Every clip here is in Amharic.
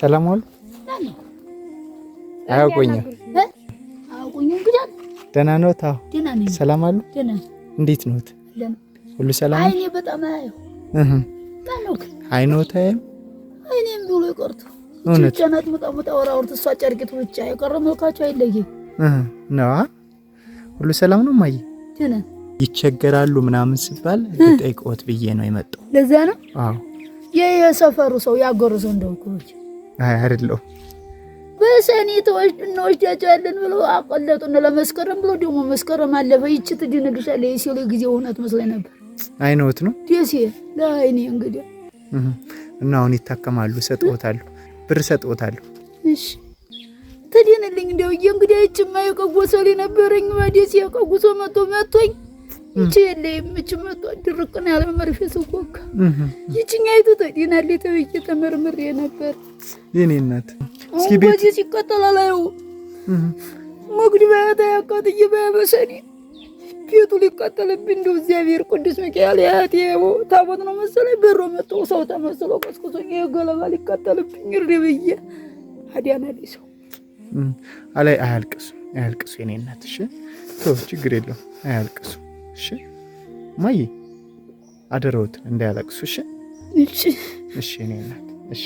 ሰላም ዋሉ። አያውቁኝም። ደህና ነዎት? ሰላም አሉ። እንዴት ነዎት? ሁሉ ሰላም? አይኔ በጣም አይኖት? አይኔም ብሎ ሙጣ ወራውርት እሷ ጨርቂቱ ብቻ የቀረ መልካቸው ነዋ። ሁሉ ሰላም ነው እማዬ? ይቸገራሉ ምናምን ሲባል ጠይቆት ብዬ ነው የመጣው። ለዚያ ነው? አዎ የሰፈሩ ሰው ያጎሩ ሰው እንደው አይ አይደለሁም። በሰኔ ተወስድ እንወስዳቸዋለን ብሎ አቆለጡን ለመስከረም ብሎ ደግሞ መስከረም አለፈ። ይቺ ትድንግሻለች ሲሉ ጊዜ እውነት መስሎኝ ነበር። አይነውት ነው ደሴ ለአይኔ እንግዲህ እና አሁን ይታከማሉ። ሰጥታሉ ብር ሰጥታሉ። እሺ ትድንልኝ እንደውዬ እንግዲህ እችማ የቀጎሰ ነበረኝ ደሴ የቀጉሶ መቶ መቶኝ ይቺ የለይም ይቺ መቶ ድርቅን ያለ መርፌ ስወጋ ይቺኛይቱ ተዲናሌ ተብዬ ተመርምሬ ነበር። የኔ እናት ሞግድ ያቃጥዬ ቤቱ ሊቃጠልብኝ እንደው እግዚአብሔር ቅዱስ ሚካኤል ያት ታቦት ነው መሰለኝ በሮ መጥቶ ሰው ተመስሎ ቆስቁሶኝ የገለባ ሊቃጠልብኝ እርድ ብዬ አዲያና ሰው አላይ አያልቅሱ አያልቅሱ የኔ እናት እሺ ቶ ችግር የለውም አያልቅሱ እሺ ማይ አደረውት እንዳያለቅሱ። እሺ እሺ፣ እሺ እኔ እናት እሺ፣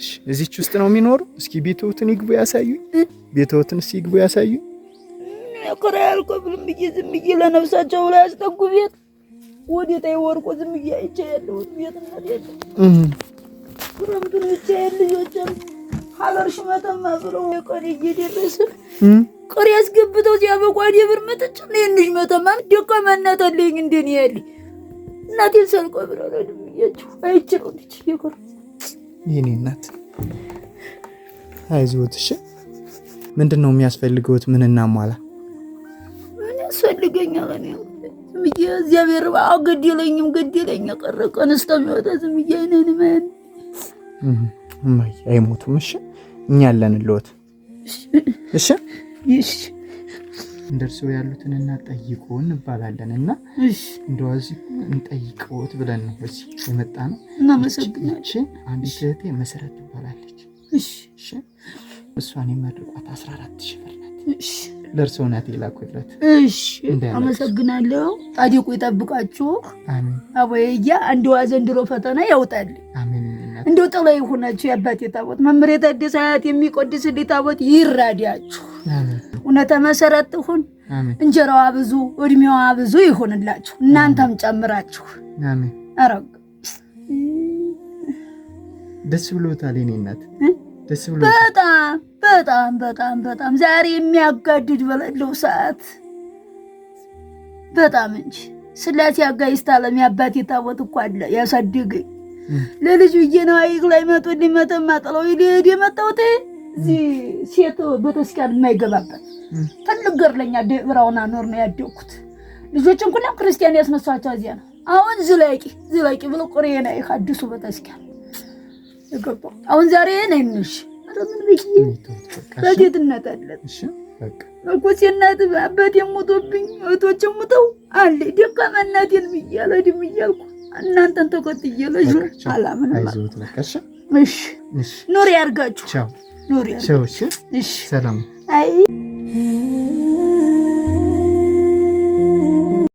እሺ። እዚች ውስጥ ነው የሚኖሩ? እስኪ ቤትዎትን ይግቡ ያሳዩ። ቤትዎትን እስኪ ይግቡ ያሳዩ። ኮራ ያልኮ ብልም ብዬ ዝም ብዬ ለነፍሳቸው ላይ ያስጠጉ ቤት ወዴታ ወርቆ ዝም ብዬ አይቼ ያለሁት ቤት ነው። ክረምቱን ብቻ ልጆችን ሀገር ሽመተማ ብሎ የቆን እየደረሰ ቁሪ አስገብተው ሲያበቋ ደብር መጠጭ ነ የንሽ መተማም መተማ ደቀመናተለኝ እንደን ያል እናቴን ሰልቆ ብረረድ ብያቸው አይችል ሆነች የኮር የኔ እናት አይዞት። እሺ ምንድን ነው የሚያስፈልገውት? ምን እናሟላ? ምን ያስፈልገኛል? እኔ ዝምዬ እግዚአብሔር ገደለኝም ገደለኝ የቀረ ቀን እስከሚወጣ ዝምዬ አይነን መን አይሞቱም። እሺ እኛ ያለን ልወት እሺ ይሽ እንደርሶ ያሉትን እና ጠይቆ እንባላለን እና እንደዋዚ እንጠይቀዎት ብለን ነው እዚህ የመጣ ነው። እናመሰግናችን። አንድ እህቴ መሰረት ትባላለች። እሷን የመርቋት አስራ አራት ሺህ ብር ናት። ለእርሶ ናት የላኩለት። አመሰግናለሁ። ጻድቁ ይጠብቃችሁ። አቦያ እንዲዋ ዘንድሮ ፈተና ያውጣል። እንዲው ጥላ ይሁናችሁ። የአባቴ ታቦት መምህር የታደሰ ሀያት የሚቆድስልኝ ታቦት ይራዳችሁ። እውነተ መሰረት ትሁን። እንጀራዋ ብዙ እድሜዋ ብዙ ይሁንላችሁ፣ እናንተም ጨምራችሁ። ደስ ብሎታል የኔ እናት፣ ደስ ብሎታል በጣም በጣም በጣም በጣም ዛሬ የሚያጋድድ በለለው ሰዓት በጣም እንጂ ስላሴ አጋይስት አለም ያባት የታወት እኮ አለ ያሳድገኝ ለልጅ ብዬ ነው አይግ ላይ መቶ ሊመጠማጥለው ይሄድ የመጣውቴ እዚህ ሴት ቤተክርስቲያን የማይገባበት ትልቅ ለኛ ደብራውን ኖር ነው ያደግኩት። ልጆችን ሁሉም ክርስቲያን ያስነሷቸው እዚያ ነው። አሁን ዝላቂ ዝላቂ ብሎ ቁሬ ነ አዲሱ ቤተክርስቲያን አሁን ዛሬ ነሽ ምን ብዬ በጌትነት አለን እኮስ አባቴ ሞቶብኝ እህቶች ሙተው አለ ደካማ እናቴን ብያለ ድም እያልኩ እናንተን ተከትዬ ለጅ እሺ ኑሪ ያርጋችሁ ኑሪ ሰዎች ሰላም አይ